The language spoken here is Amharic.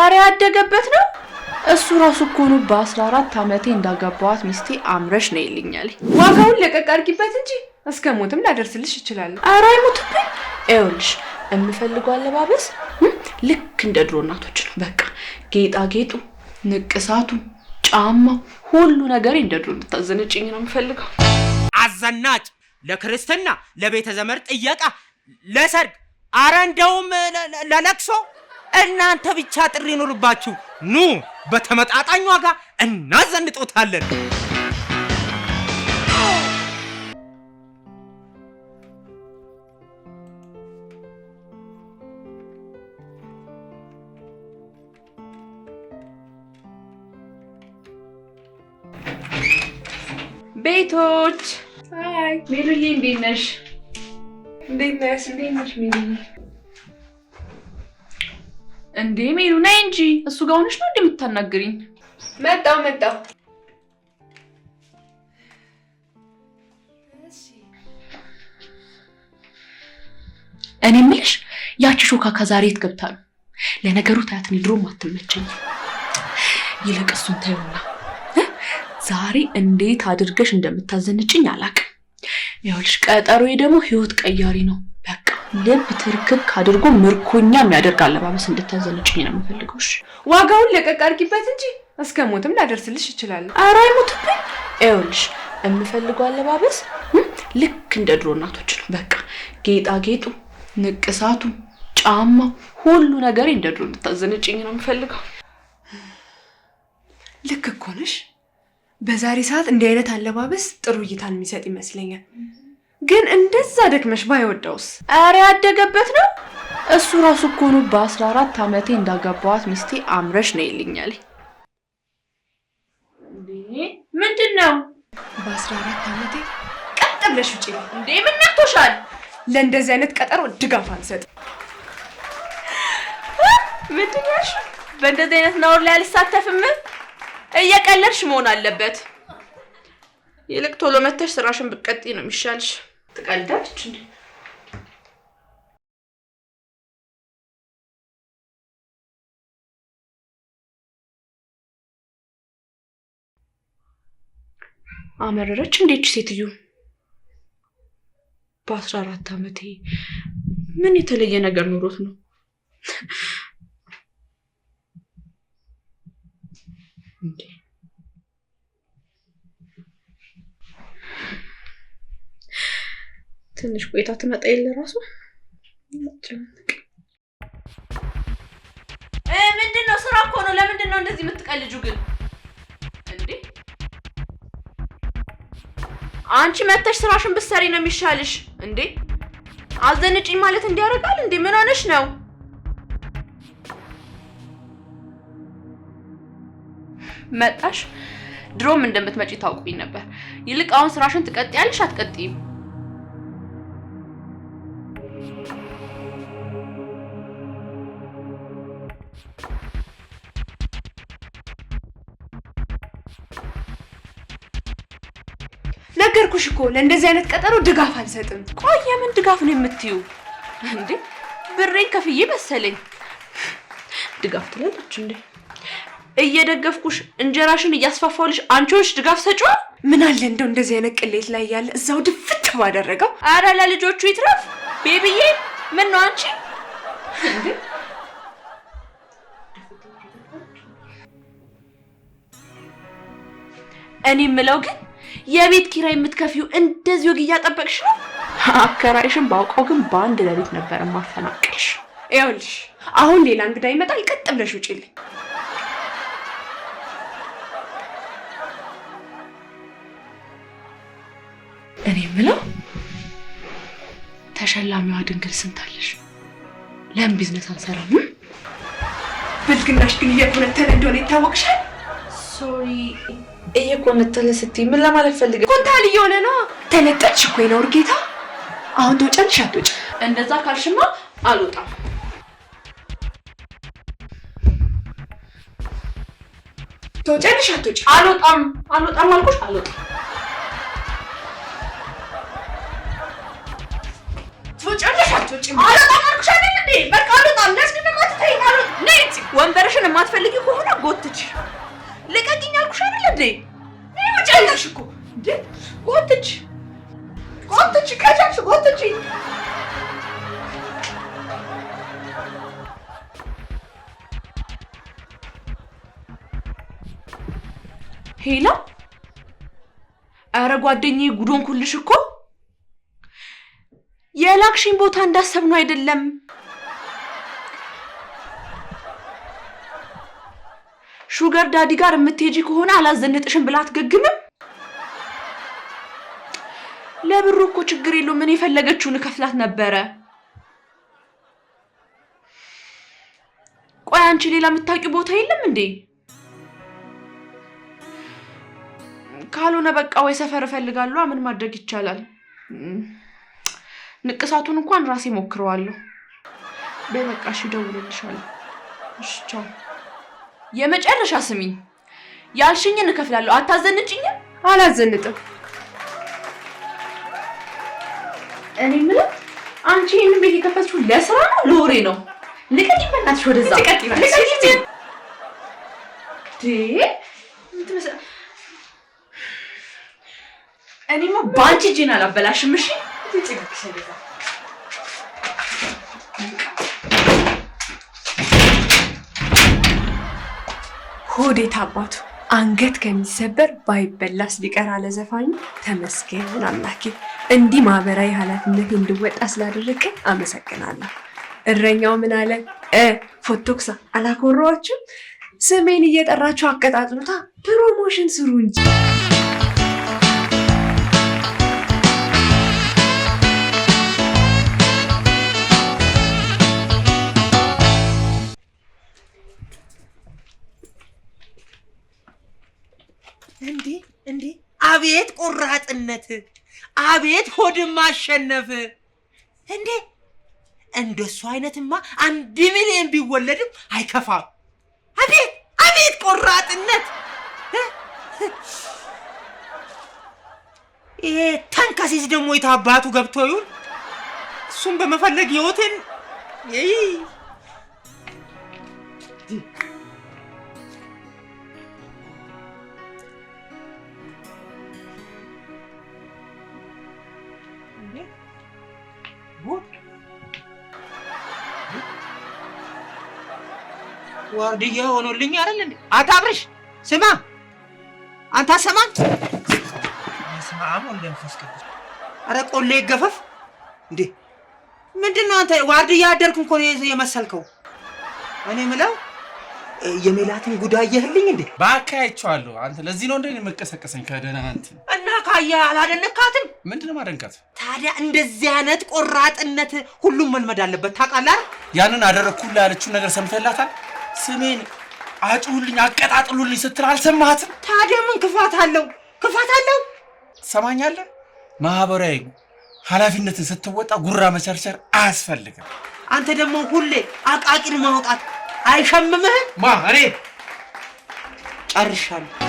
አረ ያደገበት ነው። እሱ ራሱ እኮ ነው በአስራ አራት አመቴ እንዳገባዋት ሚስቴ አምረሽ ነው ይልኛል። ዋጋውን ለቀቅ አድርጊበት እንጂ እስከ ሞትም ላደርስልሽ እችላለሁ። ኧረ አይሞትብኝ። ይኸውልሽ የምፈልገው አለባበስ ልክ እንደ ድሮ እናቶች ነው። በቃ ጌጣጌጡ፣ ንቅሳቱ፣ ጫማው፣ ሁሉ ነገሬ እንደ ድሮ እንድታዘነጭኝ ነው የምፈልገው። አዘናጭ ለክርስትና፣ ለቤተ ዘመድ ጥየቃ፣ ለሰርግ አረ እንደውም ለለቅሶ እናንተ ብቻ ጥሪ ይኑርባችሁ። ኑ በተመጣጣኝ ዋጋ እናዘንጦታለን። ቤቶች ሜሉዬ፣ እንዴት ነሽ? እንዴት ነሽ? እንዴት ነሽ? እንዴ ሜሉ ነይ እንጂ እሱ ጋር ሆነሽ ነው እንደምታናግሪኝ? መጣው መጣው። እኔ የምልሽ ያቺ ሾካ ከዛሬ የት ገብታ ነው? ለነገሩ ታያትን እኔ ድሮም አትመቸኝ። ይልቅ እሱን ታዩና ዛሬ እንዴት አድርገሽ እንደምታዘንጭኝ አላውቅም። ይኸውልሽ ቀጠሮዬ ደግሞ ህይወት ቀያሪ ነው። ልብ ትርክክ አድርጎ ምርኮኛ የሚያደርግ አለባበስ እንድታዘነጭኝ ነው የምፈልገው። ዋጋውን ለቀቅ አድርጊበት እንጂ እስከ ሞትም ላደርስልሽ ይችላል። ኧረ አይሞትብኝ። ይኸውልሽ የምፈልገው አለባበስ ልክ እንደ ድሮ እናቶች ነው። በቃ ጌጣጌጡ፣ ንቅሳቱ፣ ጫማው፣ ሁሉ ነገር እንደ ድሮ እንድታዘነጭኝ ነው የምፈልገው። ልክ እኮ ነሽ። በዛሬ ሰዓት እንዲህ አይነት አለባበስ ጥሩ እይታን የሚሰጥ ይመስለኛል። ግን እንደዛ ደክመሽ ባይወደውስ? ኧረ ያደገበት ነው እሱ ራሱ እኮ ነው በአስራ አራት ዓመቴ እንዳገባዋት ሚስቴ አምረሽ ነው ይልኛል። ምንድን ነው በአስራ አራት ዓመቴ ቀጥ ብለሽ ውጪ። እንዴ ምን ነክቶሻል? ለእንደዚህ አይነት ቀጠሮ ድጋፍ አንሰጥም። ምንድን በእንደዚህ አይነት ናውር ላይ አልሳተፍም። እየቀለድሽ መሆን አለበት። ይልቅ ቶሎ መተሽ ስራሽን በቀጥ ነው የሚሻልሽ። ትቀልዳለች እንዴ? አመረረች እንዴች ሴትዮ። በአስራ አራት ዓመቴ ምን የተለየ ነገር ኖሮት ነው? እንዴ ትንሽ ቆይታ ትመጣ የለ ራሱ ምንድነው ምንድን ነው? ስራ እኮ ነው። ለምንድን ነው እንደዚህ የምትቀልጁ ግን? እንዴ አንቺ መተሽ ስራሽን ብትሰሪ ነው የሚሻልሽ። እንዴ አዘንጪኝ ማለት እንዲያደርጋል እንዴ? ምን ሆነሽ ነው? መጣሽ? ድሮም እንደምትመጪ ታውቁኝ ነበር። ይልቅ አሁን ስራሽን ትቀጥያለሽ አትቀጥይም? ነገርኩሽ እኮ ለእንደዚህ አይነት ቀጠሮ ድጋፍ አልሰጥም። ቆይ የምን ድጋፍ ነው የምትዩ እንዴ? ብሬን ከፍዬ መሰለኝ ድጋፍ ትላለች እንዴ? እየደገፍኩሽ እንጀራሽን እያስፋፋሁልሽ አንቺዎች ድጋፍ ሰጪዋ። ምን አለ እንደው እንደዚህ አይነት ቅሌት ላይ ያለ እዛው ድፍት ባደረገው። አረ ለልጆቹ ይትረፍ። ቤቢዬ ምን ነው አንቺ እኔ የምለው ግን የቤት ኪራይ የምትከፊው እንደዚህ ወግ እያጠበቅሽ ነው። አከራይሽን ባውቀው ግን በአንድ ሌሊት ነበር ማፈናቀልሽ። ይኸውልሽ አሁን ሌላ እንግዳ ይመጣል፣ ቀጥ ብለሽ ውጪልኝ። እኔ ምለው ተሸላሚዋ ድንግል ስንታለሽ? ለምን ቢዝነስ አንሰራም? ብልግናሽ ግን እየተወነተነ እንደሆነ ይታወቅሻል። ሶሪ እየቆነጠለ ስትይ ምን ለማለት ፈልገሽ? ኮንታል እየሆነ ነው። ተነጠልሽ እኮ የነውር ጌታ። አሁን ትወጫለሽ አትወጪም? እንደዛ ካልሽማ አልወጣም። ትወጫለሽ አትወጪም? አልወጣም። አልወጣም አልኩሽ አልወጣም። ወንበርሽን የማትፈልጊው ከሆነ ጎትች ልቀቂኝ አልኩሽ አይደል እንዴ? ጨለሽ እኮ ጎትች ጎትች፣ ቀጫች ጎትች ሄላ አረ ጓደኛዬ ጉዶን ኩልሽ እኮ የላክሽኝ ቦታ እንዳሰብነው አይደለም። ሹገር ዳዲ ጋር የምትሄጂ ከሆነ አላዘንጥሽም ብላ አትገግምም። ለብሩ እኮ ችግር የለውም። ምን የፈለገችውን ከፍላት ነበረ። ቆይ አንቺ ሌላ የምታውቂው ቦታ የለም እንዴ? ካልሆነ በቃ ወይ ሰፈር እፈልጋለሁ። ምን ማድረግ ይቻላል? ንቅሳቱን እንኳን ራሴ ሞክረዋለሁ። በይ በቃ እሺ፣ እደውልልሻለሁ። እሺ ቻው። የመጨረሻ ስሚኝ፣ ያልሽኝን እከፍላለሁ። አታዘንጭኝም? አላዘንጥም። እኔ የምለው አንቺ ይህንን ቤት የከፈትሽው ለስራ ነው ለወሬ ነው? ልቀቂኝ በእናትሽ ወደዛ። እኔማ በአንቺ እጄን አላበላሽም። እሺ ሆዴት አባቱ አንገት ከሚሰበር ባይበላስ ቢቀር አለ ዘፋኙ። ተመስገን አምላኬ፣ እንዲህ ማህበራዊ ኃላፊነት እንድወጣ ስላደረገ አመሰግናለሁ። እረኛው ምን አለ? ፎቶክሳ አላኮራዎችም? ስሜን እየጠራችሁ አቀጣጥሉታ፣ ፕሮሞሽን ስሩ እንጂ እንዴ እንዴ! አቤት ቆራጥነት! አቤት ሆድማ አሸነፍ እንዴ እንደሱ አይነትማ አንድ ሚሊዮን ቢወለድም አይከፋም። አቤት አቤት ቆራጥነት! ይሄ ተንከሲስ ደግሞ የታባቱ ገብቶ ይሁን እሱም በመፈለግ ህይወትን Нет? Вот. ዋርድያ ሆኖልኝ አይደል እንዴ? አታብርሽ ስማ፣ አንተ ሰማን ስማ፣ ወልደ ቅዱስ። አረ ቆሌ ይገፈፍ እንዴ! ምንድን ነው አንተ ዋርድያ አደርክ እንኮ የመሰልከው? እኔ ምለው የሜላትን ጉዳይ አየህልኝ እንዴ? እባክህ አንተ ለዚህ ነው እንደ መቀሰቀሰኝ ከደህና አንተ ካያ አላደነካትም? ምንድን ነው ማደንቃት? ታዲያ እንደዚህ አይነት ቆራጥነት ሁሉም መልመድ አለበት። ታውቃለህ? ያንን አደረግኩላ ያለችውን ነገር ሰምተላታል? ስሜን አጩሁልኝ፣ አቀጣጥሉልኝ ስትል አልሰማትም። ታዲያ ምን ክፋት አለው? ክፋት አለው? ትሰማኛለህ? ማህበራዊ ኃላፊነትን ስትወጣ ጉራ መቸርቸር አያስፈልግም። አንተ ደግሞ ሁሌ አቃቂን ማውጣት አይሸምምህም? ማ እኔ ጨርሻለሁ።